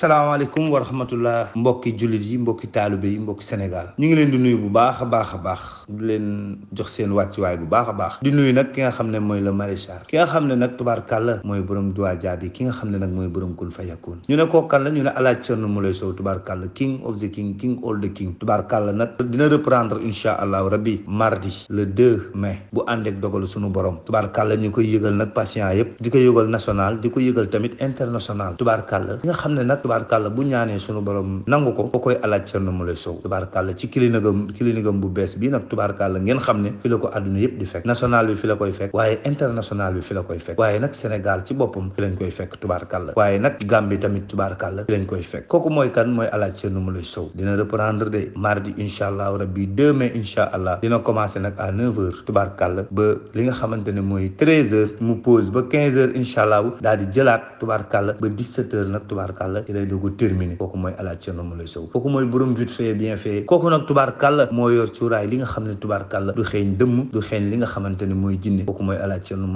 asalaamaaleykum wa rahmatullah mbokki jullit yi mbokki taalibe yi mbokki Sénégal ñu ngi leen di nuyu bu baax a baax a baax di leen jox seen wàccuwaay bu baax a baax di nuyu nag ki nga xam ne mooy le maraîchage ki nga xam ne nag tubaarkàlla mooy borom duwaa jaabi ki nga xam ne nag mooy borom kun fa ñu ne koo kan la ñu ne alaaj Cerno Moulay Sow tubaarkàlla king of the king king all the king tubaarkàlla nag dina reprendre incha allahu rabbi mardi le 2 mai bu ànd ak dogalu sunu borom tubaarkàlla ñu koy yëgal nag patient yëpp di ko yëgal national di ko yëgal tamit international tubaarkàlla ki nga xam ne nag tubaarkàlla bu ñaanee sunu borom nangu ko ko koy alaaj Cerno Moule Sow tubaarkàlla ci bu bees bi nag tubaarkàlla ngeen la ko àdduna yëpp di koy fekk waaye international bi Sow dina reprendre ba li nga xamante mooy treize mu pause ba quinze heures incha allah daal di ba dix-sept heures nag tubaarkàlla lay doog a terminé kooku mooy alaaj Thierno Moule Sow kooku mooy borom vite fait bien fait kooku nag tubaarkàlla moo yor cuuraay li nga xam ne tubaarkàlla du xeeñ dëmm du xeeñ li nga xamante mooy jinne kooku mooy alaaj Thierno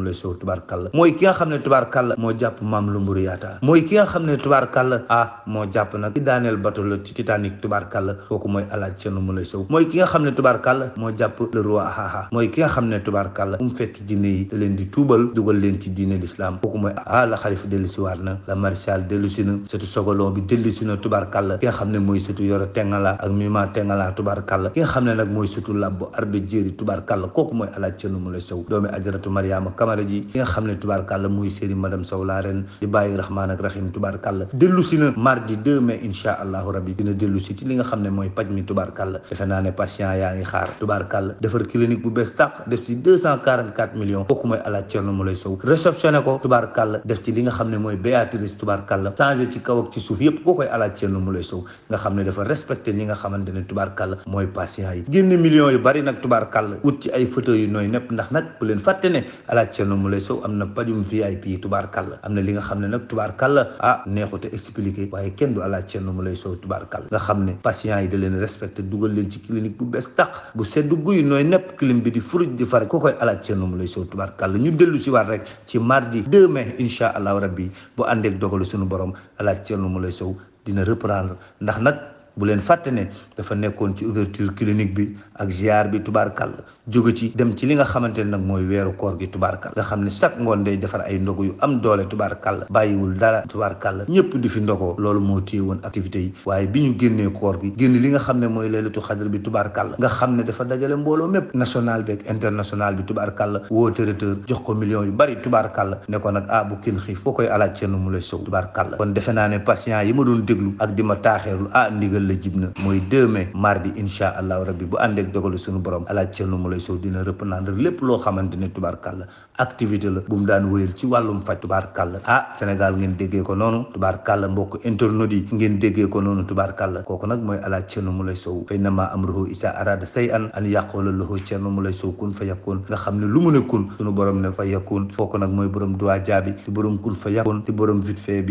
xam ne tubaarkàlla moo jàpp maam lumburu yaataa mooy ki nga xam ne tubaarkàlla ah moo jàpp nag ci daaneel bato la ci Titanic tubaarkàlla kooku mooy alaaj Thierno Moule Sow mooy ki nga xam ne tubaarkàlla moo jàpp le roi haha mooy ki nga xam ne tubaarkàlla na la maréchal dellusi na mbooloo bi delli si na tubarkàlla ki nga xam ne mooy sutu yoro tengala ak ki nga xam ne mooy sutu labbo arbe jéeri tubarkàlla kooku mooy alaaj cënn ne tubarkàlla muy sow laa ne mooy paj mi def ci li nga xam ne mooy béatrice tubarkàlla changé ci kaw ak ci suuf yëpp koo koy alaaj Thierno Moule Sow nga xam ne dafa respecté ñi nga xamante ne tubaarkàll mooy patient yi génn millions yu bari nag tubaarkàll wut ci ay fauteuils yu nooy nepp ndax nag bu leen fàtte ne alaaj Thierno Moule Sow am na pajum VIP tubaarkàll am na li nga xam ne nag tubaarkàll ah neexute expliqué waaye kenn du alaaj Thierno Moule Sow tubaarkàll nga xam ne patient yi da leen respecté dugal leen ci clinique bu bees tàq bu seddu guy nooy nepp clim bi di furuj di fare koo koy alaaj Thierno Moule Sow tubaarkàll ñu dellu si waat rek ci mardi 2 mai incha allah rabbi bu àndeek dogalu suñu borom alaaj Thierno Moulay Sow dina reprendre ndax nag bu leen fàtte ne dafa nekkoon ci ouverture clinique bi ak ziar bi tubaarkàll jóge ci dem ci li nga xamante ne nag mooy weeru koor gi tubaarkàll nga xam ne chaque ngoon day defar ay ndogu yu am doole tubaarkàll bàyyiwul dara tubaarkàll ñëpp di fi ndogoo loolu moo téye woon activités yi waaye bi ñu génnee koor bi génn li nga xam ne mooy laylatu xadar bi tubaarkàll nga xam ne dafa dajale mbooloo mépp national bi ak international bi tubaarkàll woo territeur jox ko millions yu bari tubaarkàll ne ko nag ah bu kin xiif foo koy alaaj cenn mu lay kon defe naa ne patient yi ma doon déglu ak di ma taaxeerul ah ndigal ndigal la jib na mooy 2 mai mardi incha allahu rabbi bu àndeek dogalu suñu borom alaaj Thierno Moulay Sow dina reprendre lépp loo xamante ne tubaarkàlla activité la ah, Sénégal ngeen déggee ko noonu tubaarkàlla mbokk kooku nag mooy alaaj Thierno Moulay Sow fay na maa amruhu isa arada say an an yàqoola loxo Thierno Moulay Sow kun fa yakkoon nga xam ne lu mu ne kun suñu borom ne fa yakkoon kooku nag mooy borom duwaa jaabi di kun fa yakkoon di borom vite fait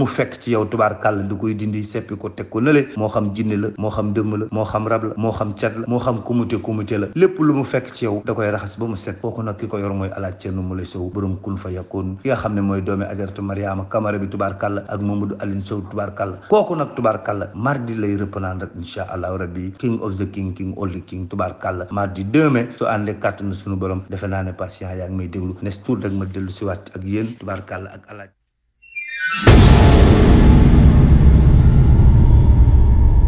mu fekk ci yow tubaarkàll du koy dindi seppi ko teg ko nële moo xam jinne la moo xam dëmm la moo xam rab la moo xam cat la moo xam kumute kumute la lépp lu mu fekk ci yow da koy raxas ba mu set kooku nag ki ko yor mooy alaaj Cerno Mulay Sow borom kun fa yakkoon ki nga xam ne mooy doomi ajaratu Mariama Kamara bi tubaarkàll ak Mamadou Aline Sow tubaarkàll kooku nag tubaarkàll mardi lay reprendre incha allahu rabbi king of the king king all the king tubaarkàll mardi 2 mai su àndee kàttanu suñu borom defe naa ne patient yaa ngi may déglu nes tour ma dellu siwaat ak yéen tubaarkàll ak